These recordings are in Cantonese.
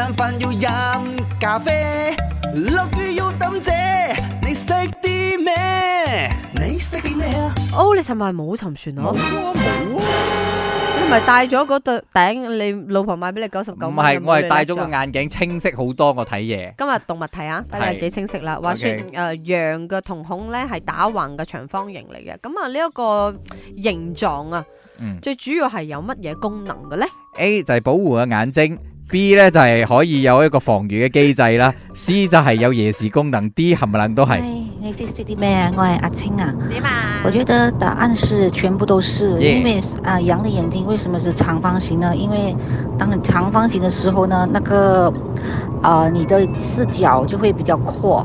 食飯要飲咖啡，落雨要等遮。你識啲咩？你識啲咩啊？哦，你係咪冇沉船啊？我冇啊！你咪戴咗嗰對頂，你老婆買俾你九十九蚊。唔係，我係戴咗個眼鏡，清晰好多，我睇嘢。今日動物睇下，睇下幾清晰啦。話說誒，羊嘅瞳孔咧係打橫嘅長方形嚟嘅。咁啊，呢一個形狀啊，最主要係有乜嘢功能嘅咧？A 就係保護個眼睛。B 咧，就係可以有一個防禦嘅機制啦，C 就係有夜視功能，D 冚唪唥都係啊。你識識啲咩啊？我係阿青啊。點啊？我覺得答案是全部都是，因為啊，羊嘅眼睛為什麼是長方形呢？因為當你長方形嘅時候呢，那個啊、呃，你的視角就會比較闊。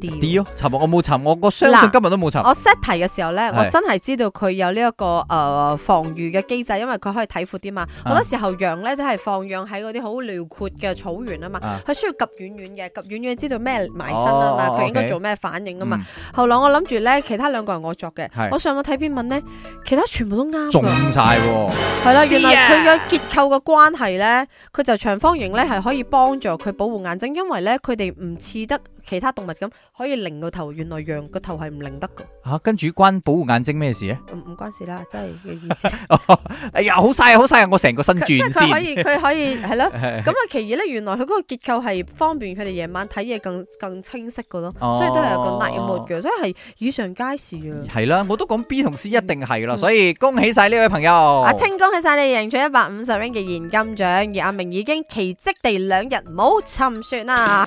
跌跌我冇沉，我我相信今日都冇沉。我 set 題嘅時候咧，我真係知道佢有呢、這、一個誒、呃、防禦嘅機制，因為佢可以睇闊啲嘛。好、啊、多時候羊咧都係放養喺嗰啲好遼闊嘅草原啊嘛，佢、啊、需要及遠遠嘅及遠遠知道咩埋身啊嘛，佢、哦、應該做咩反應啊嘛、嗯。後來我諗住咧，其他兩個人我作嘅，我上網睇篇文咧，其他全部都啱，中晒係啦。 原來佢嘅結構嘅關係咧，佢就長方形咧係可以幫助佢保護眼睛，因為咧佢哋唔似得。其他動物咁可以擰個頭，原來羊個頭係唔擰得噶。吓、啊，跟住關保護眼睛咩事咧？唔、嗯、唔關事啦，真係嘅意思。 哎呀，好晒啊，好晒啊！我成個身轉。即係佢可以，佢可以係咯。咁 啊，其二咧，原來佢嗰個結構係方便佢哋夜晚睇嘢更更清晰噶咯、哦。所以都係有一個 night mode 嘅，所以係以上皆是啊。係、嗯、啦，我都講 B 同 C 一定係啦、嗯，所以恭喜晒呢位朋友。阿、啊、清恭喜晒你贏取一百五十蚊嘅現金獎，而阿明已經奇跡地兩日冇沉船啦。